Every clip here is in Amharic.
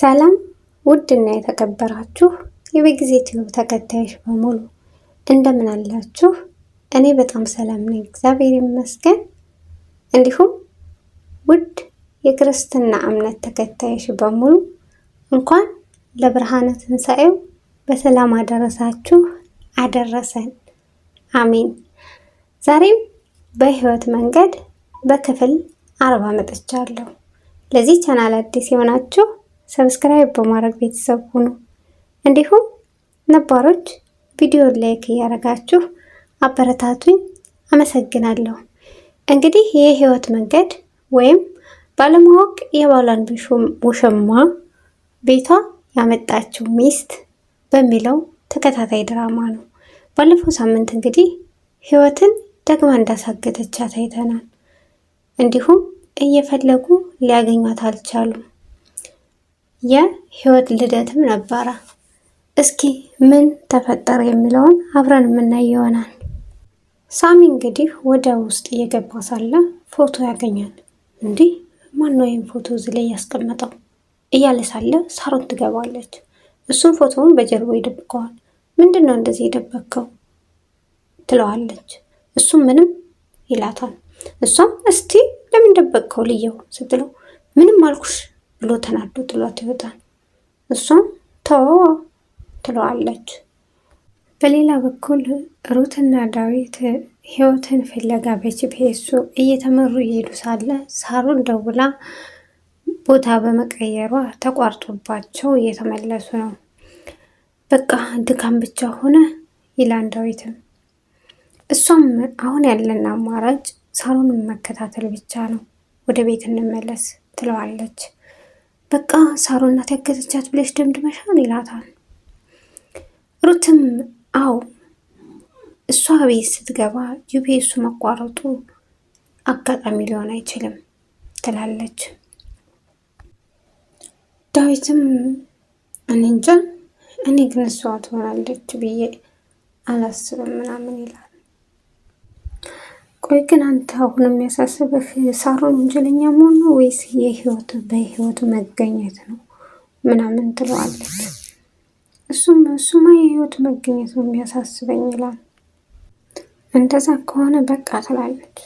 ሰላም ውድና የተከበራችሁ የበጊዜ ቲዩብ ተከታዮች በሙሉ እንደምን አላችሁ? እኔ በጣም ሰላም ነኝ፣ እግዚአብሔር ይመስገን። እንዲሁም ውድ የክርስትና እምነት ተከታዮች በሙሉ እንኳን ለብርሃነ ትንሣኤው በሰላም አደረሳችሁ አደረሰን፣ አሜን። ዛሬም በሕይወት መንገድ በክፍል አርባ መጥቻለሁ። ለዚህ ቻናል አዲስ የሆናችሁ ሰብስክራይብ በማድረግ ቤተሰብ ሁኑ። እንዲሁም ነባሮች ቪዲዮን ላይክ እያደረጋችሁ አበረታቱኝ። አመሰግናለሁ። እንግዲህ የህይወት መንገድ ወይም ባለማወቅ የባሏን ውሽማ ቤቷ ያመጣችው ሚስት በሚለው ተከታታይ ድራማ ነው። ባለፈው ሳምንት እንግዲህ ህይወትን ደግማ እንዳሳገተቻት አይተናል። እንዲሁም እየፈለጉ ሊያገኟት አልቻሉም። የህይወት ልደትም ነበረ። እስኪ ምን ተፈጠረ የሚለውን አብረን የምናይ ይሆናል። ሳሚ እንግዲህ ወደ ውስጥ እየገባ ሳለ ፎቶ ያገኛል። እንዲህ ማነው ወይም ፎቶ እዚህ ላይ ያስቀመጠው እያለ ሳለ ሳሮን ትገባለች። እሱም ፎቶውን በጀርባው ይደብቀዋል። ምንድን ነው እንደዚህ የደበከው ትለዋለች። እሱም ምንም ይላታል። እሷም እስቲ ለምን ደበቅከው ልየው ስትለው ምንም አልኩሽ ብሎ ተናዶ ጥሏት ይወጣል። እሷም ተወው ትለዋለች። በሌላ በኩል ሩትና ዳዊት ህይወትን ፍለጋ በጂፒኤሱ እየተመሩ እየሄዱ ሳለ ሳሩን ደውላ ቦታ በመቀየሯ ተቋርጦባቸው እየተመለሱ ነው። በቃ ድካም ብቻ ሆነ ይላን ዳዊትም። እሷም አሁን ያለን አማራጭ ሳሩንን መከታተል ብቻ ነው፣ ወደ ቤት እንመለስ ትለዋለች። በቃ ሳሮ ናት ያገዘቻት ብለሽ ደምድመሻን ይላታል። ሩትም አው እሷ ቤት ስትገባ ዩቤ እሱ መቋረጡ አጋጣሚ ሊሆን አይችልም ትላለች። ዳዊትም እኔ እንጃ እኔ ግን እሷ ትሆናለች ብዬ አላስብም ምናምን ይላል። ቆይ ግን አንተ አሁን የሚያሳስብህ ሳሮን ወንጀለኛ መሆን ነው ወይስ የህይወት በህይወት መገኘት ነው ምናምን ትለዋለች። እሱም እሱማ የህይወት መገኘት ነው የሚያሳስበኝ ይላል። እንደዛ ከሆነ በቃ ትላለች።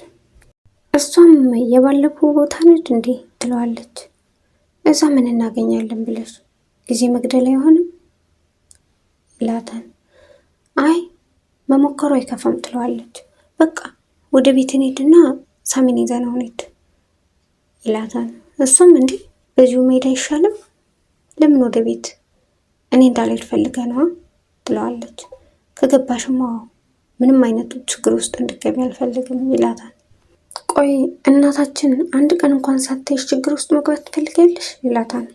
እሷም የባለፈው ቦታ ነች እንዴ ትለዋለች። እዛ ምን እናገኛለን ብለሽ ጊዜ መግደል አይሆንም ይላታል። አይ መሞከሩ አይከፋም ትለዋለች። በቃ ወደ ቤት እንሂድና ሳሚን ይዘን እንሂድ ይላታል። እሷም እንዲህ በዚሁ መሄድ አይሻልም? ለምን ወደ ቤት እኔ እንዳልሄድ ፈልገ ነዋ ትለዋለች። ከገባሽማ ምንም አይነቱ ችግር ውስጥ እንድገቢ አልፈልግም ይላታል። ቆይ እናታችን አንድ ቀን እንኳን ሳታይሽ ችግር ውስጥ መግባት ትፈልጊያለሽ? ይላታል።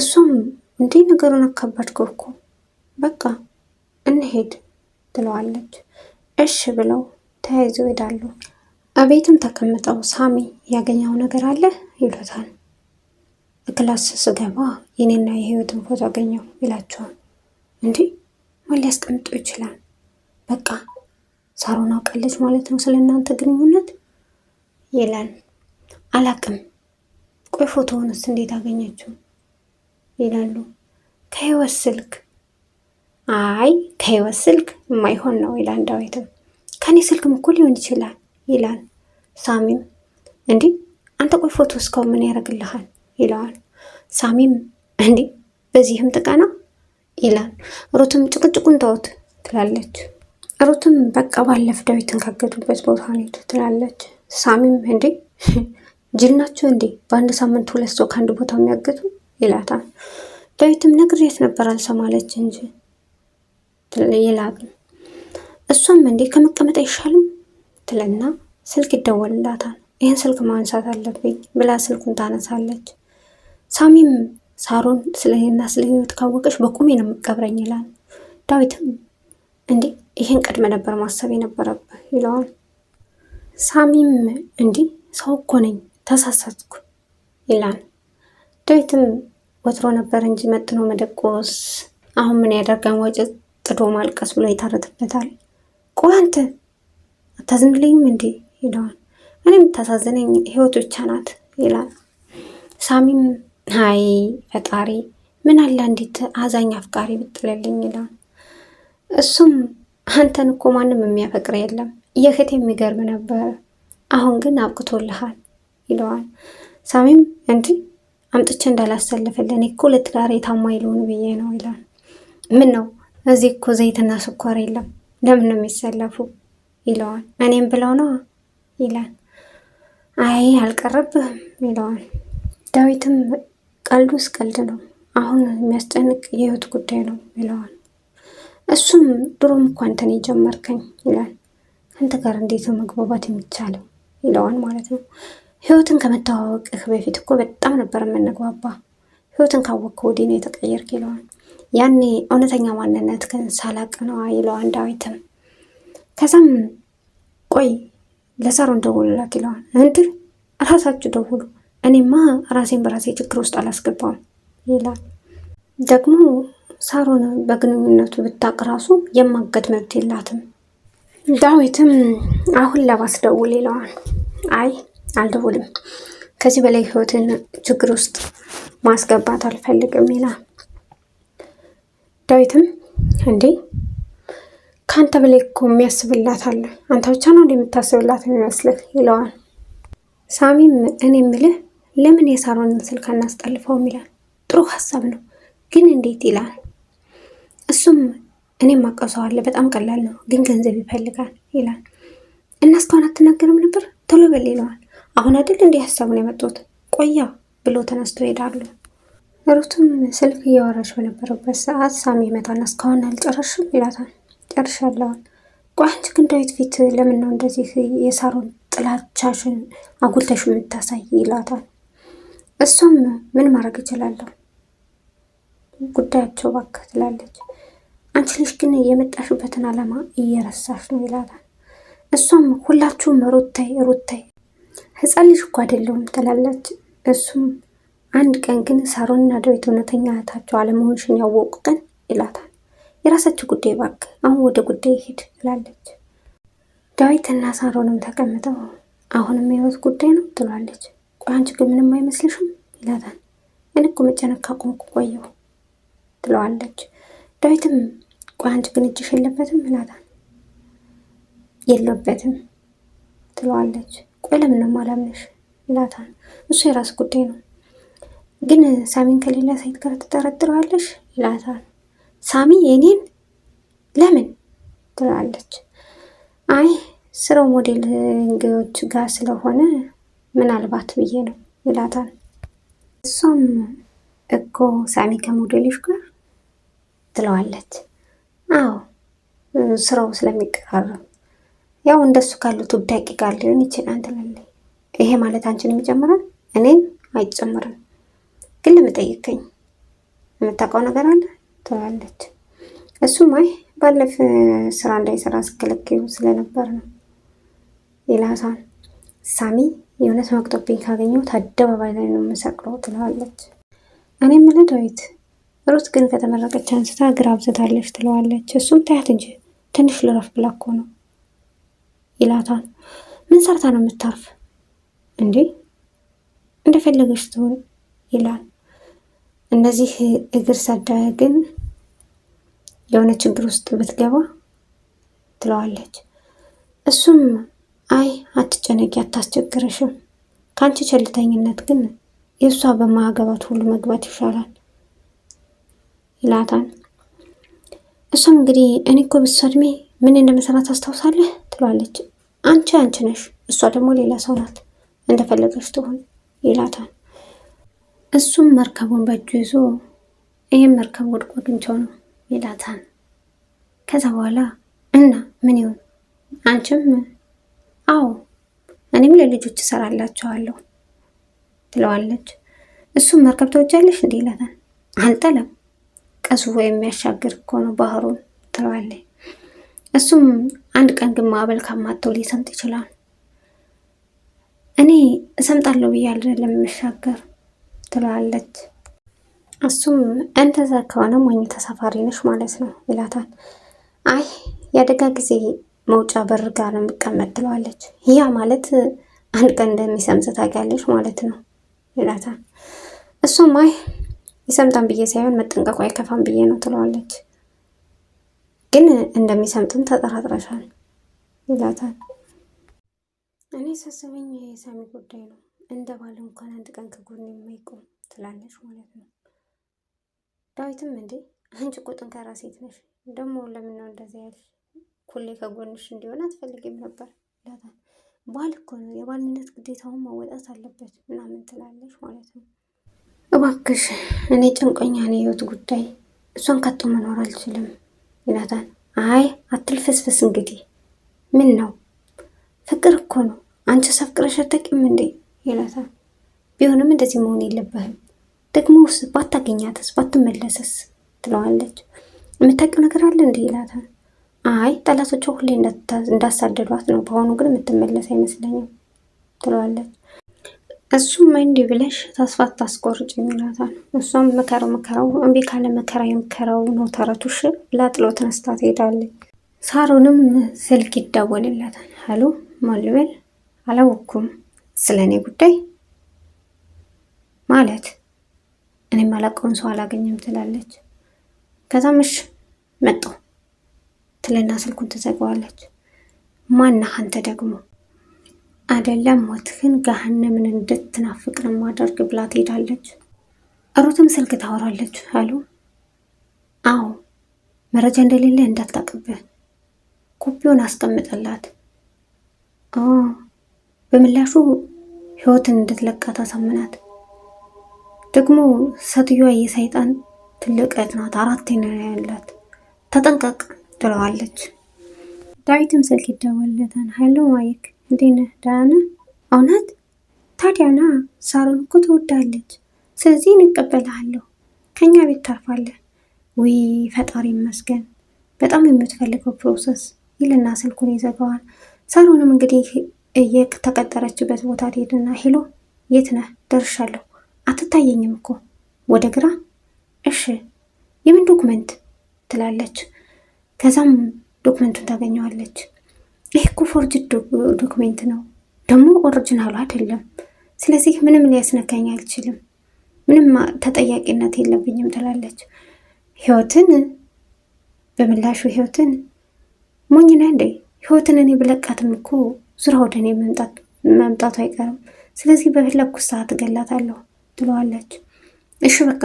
እሷም እንዲህ ነገሩን አካባድከው እኮ በቃ እንሄድ ትለዋለች። እሽ ብለው ተያይዘው ይሄዳሉ። እቤትም ተቀምጠው ሳሚ ያገኘው ነገር አለ ይሉታል። ክላስ ስገባ የኔና የህይወትን ፎቶ አገኘው ይላቸዋል። እንዴ ማን ሊያስቀምጠው ይችላል? በቃ ሳሮን አውቃለች ማለት ነው ስለ እናንተ ግንኙነት ይላል። አላቅም። ቆይ ፎቶውንስ እንዴት አገኘችው? ይላሉ። ከህይወት ስልክ። አይ ከህይወት ስልክ የማይሆን ነው ይላል ዳዊትም ከኔ ስልክም እኮ ሊሆን ይችላል ይላል። ሳሚም እንዲህ አንተ ቆይ ፎቶ እስካሁን ምን ያደርግልሃል ይለዋል። ሳሚም እንዲህ በዚህም ጥቀና ይላል። ሩትም ጭቅጭቁን ተውት ትላለች። ሩትም በቃ ባለፍ ዳዊትን ካገቱበት ቦታ ነቱ ትላለች። ሳሚም እንዴ ጅል ናቸው እንዴ በአንድ ሳምንት ሁለት ሰው ከአንድ ቦታ የሚያገቱ ይላታል። ዳዊትም ነግሬያት ነበር አልሰማለች እንጂ ይላል። እሷም እንዴ ከመቀመጥ አይሻልም ትለና ስልክ ይደወልላታል። ይህን ስልክ ማንሳት አለብኝ ብላ ስልኩን ታነሳለች። ሳሚም ሳሮን ስለኔና ስለ ህይወት ካወቀች በቁሜ ነው የምቀብረኝ ይላል። ዳዊትም እንዴ ይህን ቀድመ ነበር ማሰብ የነበረብህ ይለዋል። ሳሚም እንዲህ ሰው እኮ ነኝ ተሳሳትኩ ይላል። ዳዊትም ወትሮ ነበር እንጂ መጥኖ መደቆስ አሁን ምን ያደርገን ወጭ ጥዶ ማልቀስ ብሎ ይታረትበታል። ቆይ አንተ አታዝንልኝም እንዴ ይለዋል። እኔ የምታሳዝነኝ ህይወት ብቻ ናት ይላል። ሳሚም አይ ፈጣሪ ምን አለ እንዴት አዛኝ አፍቃሪ ብጥለልኝ ይላል። እሱም አንተን እኮ ማንም የሚያፈቅር የለም የህት የሚገርም ነበር፣ አሁን ግን አብቅቶልሃል ይለዋል። ሳሚም እንዲ አምጥቼ እንዳላሰልፍልን እኮ ለትዳር የታማ ይልሆኑ ብዬ ነው ይላል። ምን ነው እዚህ እኮ ዘይትና ስኳር የለም ለምን ነው የሚሰለፉ ይለዋል። እኔም ብለው ነው ይላል። አይ አልቀረብህም ይለዋል። ዳዊትም ቀልዱስ ቀልድ ነው፣ አሁን የሚያስጨንቅ የህይወት ጉዳይ ነው ይለዋል። እሱም ድሮም እኮ አንተን የጀመርከኝ ይላል። አንተ ጋር እንዴት ነው መግባባት የሚቻለው ይለዋል ማለት ነው። ህይወትን ከመተዋወቅህ በፊት እኮ በጣም ነበር የምንግባባ፣ ህይወትን ካወቅከ ወዲህ ነው የተቀየርክ ይለዋል። ያኔ እውነተኛ ማንነት ግን ሳላቅ ነዋ ይለዋል ዳዊትም። ከዛም ቆይ ለሳሮን እንደውልላት ይለዋል። እንድር ራሳችሁ ደውሉ፣ እኔማ ራሴን በራሴ ችግር ውስጥ አላስገባውም ይላል። ደግሞ ሳሮን በግንኙነቱ ብታቅ ራሱ የማገድ መብት የላትም። ዳዊትም አሁን ደውል ይለዋል። አይ አልደውልም፣ ከዚህ በላይ ህይወትን ችግር ውስጥ ማስገባት አልፈልግም ይላል። ዳዊትም እንዴ ከአንተ በላይ እኮ የሚያስብላት አለ፣ አንተ ብቻ ነው እንደምታስብላት የሚመስልህ ይለዋል። ሳሚም እኔ የምልህ ለምን የሳሮንን ስልክ አናስጠልፈውም ይላል። ጥሩ ሀሳብ ነው ግን እንዴት ይላል። እሱም እኔም አውቀው በጣም ቀላል ነው ግን ገንዘብ ይፈልጋል ይላል። እና እስካሁን አትናገርም ነበር? ቶሎ በል ይለዋል። አሁን አይደል እንዲህ ሀሳቡን ያመጡት ቆያ ብሎ ተነስቶ ይሄዳሉ። ሩትም ስልክ እያወራች በነበረበት ሰዓት ሳሚ ይመጣና እስካሁን አልጨረሽም ይላታል። ጨርሻለሁን። ቆይ አንቺ ግን ዳዊት ፊት ለምን ነው እንደዚህ የሳሮን ጥላቻሽን አጉልተሽ የምታሳይ ይላታል። እሷም ምን ማድረግ እችላለሁ ጉዳያቸው ባክ ትላለች። አንቺ ልጅ ግን የመጣሽበትን ዓላማ እየረሳሽ ነው ይላታል። እሷም ሁላችሁም ሩታይ ሩታይ ህፃን ልጅ እኮ አይደለሁም ትላለች። እሱም አንድ ቀን ግን ሳሮንና ዳዊት እውነተኛ እህታቸው አለመሆንሽን ያወቁ ቀን ይላታል። የራሳቸው ጉዳይ ባክ፣ አሁን ወደ ጉዳይ ሄድ ትላለች። ዳዊትና ሳሮንም ተቀምጠው አሁንም የህይወት ጉዳይ ነው ትሏለች። ቆይ አንቺ ግን ምንም አይመስልሽም ይላታል። እኔ እኮ መጨነቅ ካቆምኩ ቆየሁ ትለዋለች። ዳዊትም ቆይ አንቺ ግን እጅሽ የለበትም ይላታል። የለበትም ትለዋለች። ቆይ ለምንም ነው ይላታል። እሱ የራስ ጉዳይ ነው ግን ሳሚን ከሌላ ሴት ጋር ትጠረጥረዋለሽ ይላታል። ሳሚ የኔን ለምን ትላለች። አይ ስራው ሞዴሊንጎች ጋር ስለሆነ ምናልባት ብዬ ነው ይላታል። እሷም እኮ ሳሚ ከሞዴሎች ጋር ትለዋለች። አዎ ስራው ስለሚቀራረብ ያው እንደሱ ካሉት ውዳቂ ጋር ሊሆን ይችላል ትላለች። ይሄ ማለት አንቺንም ይጨምራል እኔን አይጨምርም ግን ለምን የምታውቀው ነገር አለ ትላለች። እሱም አይ ባለፈ ስራ እንዳይሰራ ስከለክዩ ስለነበር ነው ይላሳን። ሳሚ የእውነት መቅጦብኝ ካገኘሁት አደባባይ ላይ ነው የምሰቅለው ትለዋለች። እኔ የምልህ ዳዊት፣ ሩት ግን ከተመረቀች አንስታ እግር አብዝታለች ትለዋለች። እሱም ታያት እንጂ ትንሽ ልረፍ ብላ እኮ ነው ይላታል። ምን ሰርታ ነው የምታርፍ እንዴ? እንደፈለገች ትሆን ይላል። እንደዚህ እግር ሰዳያ ግን የሆነ ችግር ውስጥ ብትገባ ትለዋለች። እሱም አይ አትጨነቂ፣ አታስቸግረሽም። ከአንቺ ቸልተኝነት ግን የእሷ በማገባት ሁሉ መግባት ይሻላል ይላታል። እሷም እንግዲህ እኔ እኮ በሷ እድሜ ምን እንደመሰራት ታስታውሳለህ ትለዋለች። አንቺ አንቺ ነሽ፣ እሷ ደግሞ ሌላ ሰው ናት፣ እንደፈለገች ትሆን ይላታል። እሱም መርከቡን በእጁ ይዞ ይህም መርከብ ወድቆ አግኝቼው ነው ይላታል። ከዛ በኋላ እና ምን ይሁን አንቺም? አዎ እኔም ለልጆች እሰራላቸዋለሁ ትለዋለች። እሱም መርከብ ተወጃለሽ እንዲህ ይላታል። አልጠለም ቀሱ የሚያሻግር እኮ ነው ባህሩን ትለዋለች። እሱም አንድ ቀን ግን ማዕበል ካማተው ሊሰምጥ ይችላል። እኔ እሰምጣለሁ ብዬ አይደለም የምሻገር ትለዋለች። እሱም እንደዛ ከሆነ ሞኝ ተሳፋሪ ነሽ ማለት ነው ይላታል። አይ የአደጋ ጊዜ መውጫ በር ጋር የሚቀመጥ ትለዋለች። ያ ማለት አንድ ቀን እንደሚሰምጥ ታውቂያለሽ ማለት ነው ይላታል። እሱም አይ ይሰምጣን ብዬ ሳይሆን መጠንቀቁ አይከፋም ብዬ ነው ትለዋለች። ግን እንደሚሰምጥም ተጠራጥረሻል ይላታል። እኔ ሳስበኝ የሳሚ ጉዳይ ነው እንደ ባል እንኳን አንድ ቀን ከጎን የማይቆም ትላለች ማለት ነው። ዳዊትም እንዴ አንቺ እኮ ጠንካራ ሴት ነሽ፣ ደግሞ ለምን ነው እንደዚያ ያልሽ? ሁሌ ከጎንሽ እንዲሆን አትፈልጊም ነበር ይላታል። ባል እኮ ነው የባልነት ግዴታውን መወጣት አለበት ምናምን ትላለች ማለት ነው። እባክሽ እኔ ጭንቀኛ ነው የህይወት ጉዳይ፣ እሷን ከቶ መኖር አልችልም ይላታል። አይ አትልፈስፈስ እንግዲህ ምን ነው ፍቅር እኮ ነው። አንቺ ሳፍቅረሽ አታውቂም እንዴ? ይላታል። ቢሆንም እንደዚህ መሆን የለበትም ደግሞስ ባታገኛትስ ባትመለሰስ ትለዋለች። የምታውቂው ነገር አለ እንዲህ ይላታል። አይ ጠላቶቿ ሁሌ እንዳሳደዷት ነው፣ በአሁኑ ግን የምትመለስ አይመስለኝም ትለዋለች። እሱም እንዲህ ብለሽ ተስፋ ታስቆርጭ ይላታል። እሷም መከራው መከራው እምቢ ካለ መከራ የመከራው ነው ተረቱሽ ብላ ጥሎ ተነስታ ትሄዳለች። ሳሮንም ስልክ ይደወልላታል። አሉ ማልበል አላወኩም ስለ እኔ ጉዳይ ማለት እኔ የማላውቀውን ሰው አላገኘም ትላለች። ከዛም እሺ መጣሁ ትልና ስልኩን ትዘጋዋለች። ማናህ አንተ ደግሞ አይደለም ሞትህን ገሃነምን ነው ማደርግ ብላ ትሄዳለች። ሩትም ስልክ ታወራለች። አሉ አዎ መረጃ እንደሌለ እንዳታቅብህ ኮፒውን አስቀምጠላት። በምላሹ ህይወትን እንድትለቃት ታሳምናት ደግሞ ሴትዮዋ የሰይጣን ትልቅ እህት ናት፣ አራት ነው ያላት፣ ተጠንቀቅ ትለዋለች። ዳዊትም ስልክ ይደወልለታል። ሀይሎ ማይክ፣ እንዴት ነህ? ደህና ነህ? እውነት ታዲያና ሳሮን እኮ ትወዳለች፣ ስለዚህ እንቀበልሃለሁ፣ ከኛ ቤት ታርፋለህ። ውይ ፈጣሪ ይመስገን፣ በጣም የምትፈልገው ፕሮሰስ ይልና ስልኩን ይዘጋዋል። ሳሮንም እንግዲህ እየተቀጠረችበት ቦታ ትሄድና ሄሎ፣ የት ነህ? ደርሻለሁ። አትታየኝም እኮ ወደ ግራ። እሺ፣ የምን ዶክመንት ትላለች። ከዛም ዶክመንቱን ታገኘዋለች። ይህ እኮ ፎርጅድ ዶክሜንት ነው፣ ደግሞ ኦሪጂናሉ አይደለም። ስለዚህ ምንም ሊያስነካኝ አልችልም፣ ምንም ተጠያቂነት የለብኝም ትላለች። ህይወትን በምላሹ ህይወትን ሞኝና እንዴ ህይወትን እኔ ብለቃትም እኮ ዙራ ወደ እኔ መምጣቱ አይቀርም። ስለዚህ በፈለግኩት ሰዓት እገላታለሁ ትለዋለች። እሺ በቃ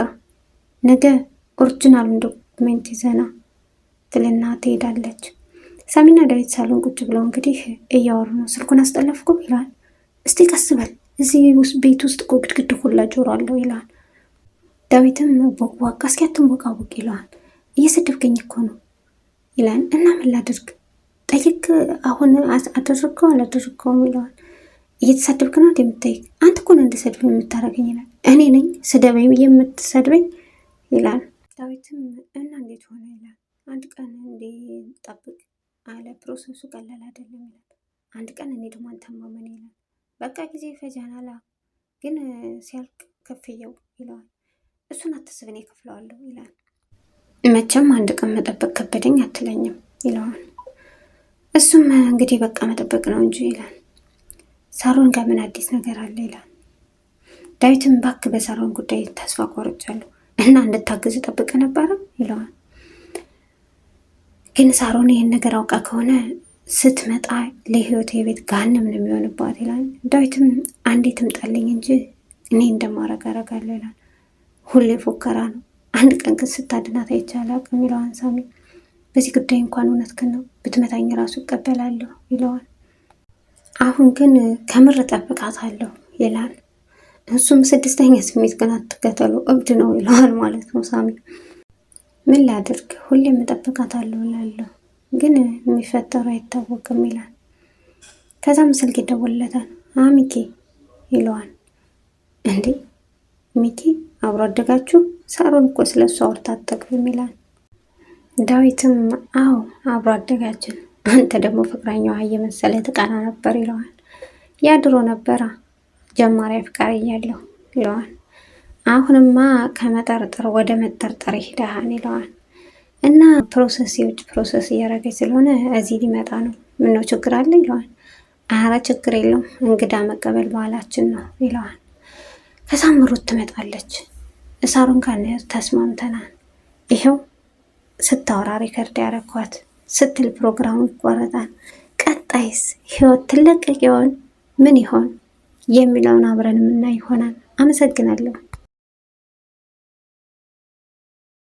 ነገ ኦሪጂናሉን ዶክሜንት ይዘና ትልና ትሄዳለች። ሳሚና ዳዊት ሳሎን ቁጭ ብለው እንግዲህ እያወሩ ነው። ስልኩን አስጠለፍኩ ይለዋል። እስቲ ቀስ በል እዚህ ቤት ውስጥ እኮ ግድግድ ሁላ ጆሮ አለው ይለዋል። ዳዊትም ቦቅቧቃ አስኪያትም ቦቃ ይለዋል። እየሰደብከኝ እኮ ነው ይለን እና ምን ላድርግ ጠይቅ። አሁን አደረግከው አላደረግከውም ይለዋል። እየተሳደብክ ነው የምታይቅ? አንተ እኮ ነው እንደሰድብ የምታደርገኝ ይላል። እኔ ነኝ ስደበኝ የምትሰድበኝ ይላል። ዳዊትም እና እንዴት ሆነ ይላል። አንድ ቀን እንዲጠብቅ አለ። ፕሮሰሱ ቀላል አይደለም ይላል። አንድ ቀን እኔ ደግሞ አልተማመን ይላል። በቃ ጊዜ ፈጃናላ ግን ሲያልቅ ከፍየው ይለዋል። እሱን አትስብ እኔ ይላል። መቼም አንድ ቀን መጠበቅ ከበደኝ አትለኝም ይለዋል። እሱም እንግዲህ በቃ መጠበቅ ነው እንጂ ይላል። ሳሮን ጋር ምን አዲስ ነገር አለ ይላል። ዳዊትም ባክ በሳሮን ጉዳይ ተስፋ ቆርጫለሁ እና እንድታግዝ ጠብቅ ነበረ ይለዋል። ግን ሳሮን ይህን ነገር አውቃ ከሆነ ስትመጣ ለህይወት የቤት ጋንም ነው የሚሆንባት ይላል። ዳዊትም አንዴ ትምጣልኝ እንጂ እኔ እንደማረግ አረጋለሁ ይላል። ሁሌ ፎከራ ነው። አንድ ቀን ግን ስታድናት አይቻል አቅም ይለዋል ሳሚ በዚህ ጉዳይ እንኳን እውነትህን ነው ብትመታኝ ራሱ ይቀበላለሁ ይለዋል። አሁን ግን ከምር እጠብቃታለሁ ይላል። እሱም ስድስተኛ ስሜት ግን አትከተሉ እብድ ነው ይለዋል ማለት ነው። ሳሚ ምን ላድርግ ሁሌም እጠብቃታለሁ እላለሁ ግን የሚፈጠሩ አይታወቅም ይላል። ከዛም ስልክ ይደወልለታል። አሚኬ ይለዋል። እንዴ ሚኪ አብሮ አደጋችሁ ሳሮን እኮ ስለሱ አውርታ አጠግብም ይላል። ዳዊትም አዎ አብሮ አደጋችን፣ አንተ ደግሞ ፍቅረኛዋ እየመሰለ ትቃና ነበር ይለዋል። ያ ድሮ ነበራ ጀማሪያ ፍቃሪ እያለሁ ይለዋል። አሁንማ ከመጠርጠር ወደ መጠርጠር ይሄዳሃን ይለዋል። እና ፕሮሰስ የውጭ ፕሮሰስ እያደረገች ስለሆነ እዚህ ሊመጣ ነው። ምነው ችግር አለ ይለዋል። አረ ችግር የለውም እንግዳ መቀበል ባህላችን ነው ይለዋል። ከሳምሩት ትመጣለች። እሳሩን ካንያዝ ተስማምተናል። ይኸው ስታወራ ሪከርድ ያረኳት ስትል ፕሮግራሙ ይቋረጣል። ቀጣይስ ህይወት ትለቀቅ ይሆን ምን ይሆን የሚለውን አብረን የምናይ ይሆናል። አመሰግናለሁ።